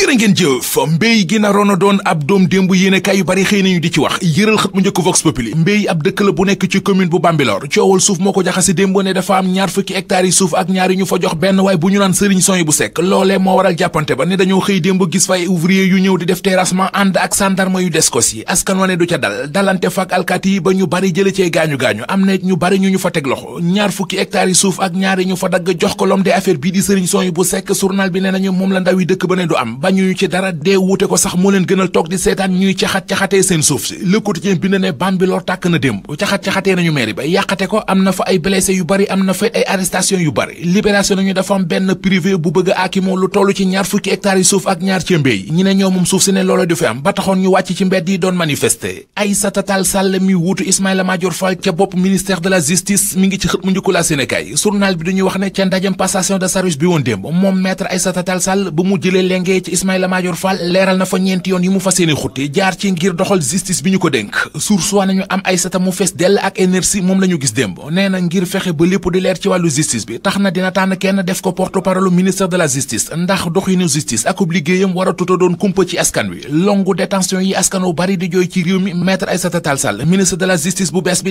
jërë ngeen jëf mbéy gi naroon a doon ab doom démb yéenekaay yu bari xëy nañu di ci wax yëral xët mu njëkk Vox Populi mbéy ab dëkk la bu nekk ci commune bu Bambilor coowal suuf moo ko jaxase démb ne dafa am ñaar fukki hectares yi suuf ak ñaar yi ñu fa jox benn waaye bu ñu naan sëriñ son yi bu sekk loolee moo waral jàppante ne dañoo xëy gis fay ouvrier yu ñëw di def terrassement ànd ak sandarma yu deskos yi askan wa ne du ca dal dalante fa ak alkaati ba ñu bari jële cee gaañu-gaañu am na ñu bari ñu ñu fa loxo ñaar fukki hectares yi ak ñaar yi ñu dagg jox ko lom de affaire bii di sëriñ son bu sekk journal bi nee nañu moom la ndaw yi dëkk ba ne du am bañuñu ci dara dee wuute ko dafa benn privé bu bëgg a lu toll ci ñaar fukki hectares yi suuf ak ñaar ci ñi ne ñoo suuf si ne loola du fi am ba taxoon ñu wàcc ci mbedd yi doon manifester Aïssata Tall Sall mi wuutu Ismaïla Madior Fall ca bopp ministère de la justice mi ngi ci xët mu njëkk la Sénégal journal bi dañuy wax ne ca ndajam passation de service bi woon démb moom maître Aïssata Tall Sall ba mu jëlee lengee ci Ismaïla Madior Fall leeral na fa ñeenti yoon yi mu fas yéene xutti jaar ci ngir doxal justice bi ñu ko dénk source waa nañu am ay sata mu fees dell ak énergie moom la gis démb nee ngir fexe ba di leer ci wàllu justice bi tax na dina tànn kenn def ko porte parole ministre de la justice ndax doxinu justice ak liggéeyam war a tuta doon kumpa ci askan wi longu détention yi askan wu bari di jooy ci réew mi maître Aïssata Tall Sall ministre de la justice bu bees bi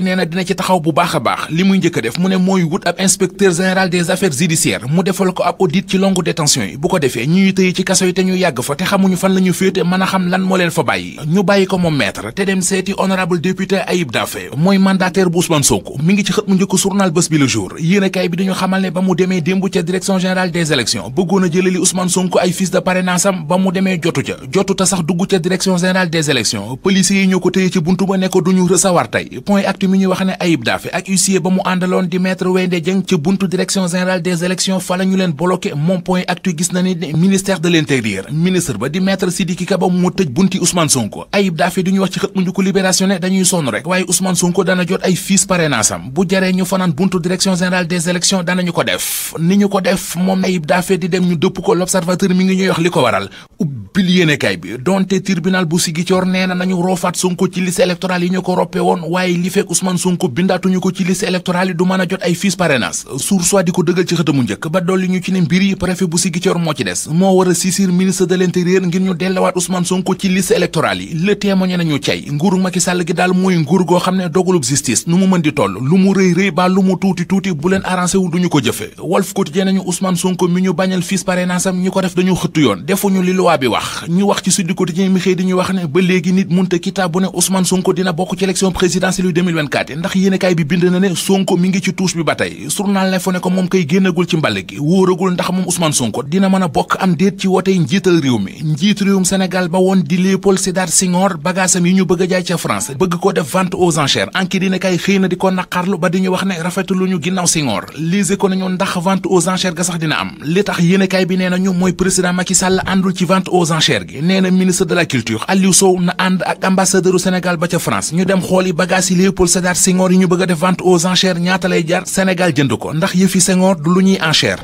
yàgg fa te xamuñu fan la ñu féete mën a xam lan moo leen fa bàyyi ñu bàyyi ko moom maître te dem seeti honorable député Ayib Daffé mooy mandataire bu Ousmane Sonko mu ngi ci xët mu njëkk journal bés bi le jour yéenekaay bi dañu xamal ne ba mu demee démb ca direction générale des élections bëggoon a jëlali Ousmane Sonko ay fiches de parrainage am ba mu demee jotu ca jotu ta sax dugg ca direction générale des élections policiers yi ñoo ko téye ci buntu ba ne ko duñu recevoir tey wax ne Ayib Daffé ak huissier mu àndaloon di maître Wende Dieng direction générale des élections fa leen bloqué moom point na ni ministère de ministre ba di maître Sidiki Kaba moo tëj bunti Ousmane Sonko ko ayib daafe di ñu wax ci liste njëkk ba dolli ñu ci ne mbir yi préfet bu Ziguinchor moo ci des moo war a saisir ministre de ngir ñu dellowaat Ousmane Sonko ci liste électorale yi le témoigné nañu cay nguuru Macky Sall gi daal mooy nguur goo xam ne dogalub justice nu mu mën di toll lu mu rëy rëy ba lu mu tuuti tuuti bu leen duñu ko jëfe Walf Quotidien nañu Ousmane Sonko mi ñu bañal fils parrainage am ñi ko def dañu xëttu yoon defuñu li bi wax ñu wax ci Sud Quotidien mi xëy di ñu wax ne ba léegi nit munta kitaab ne Ousmane Sonko dina bokk ci élection présidentielle yu njiital réew mi njiit ba woon di Léopold Sédar Senghor bagaasam yi ñu bëgg a jaay ca France bëgg ko def vente aux enchères enquête dina kay xëy na di ko naqarlu ba di ñu wax ne rafetlu ñu ginnaaw Senghor lise ko nañu ndax vente aux enchères ga sax dina am li tax yéen kay bi nee nañu mooy président Macky Sall àndul ci vente aux enchères gi nee na ministre de la culture Aliou Sow na ànd ak ambassadeur u Sénégal ba ca France ñu dem xool yi bagaas yi Léopold Sédar Senghor a def vente lu ñuy enchère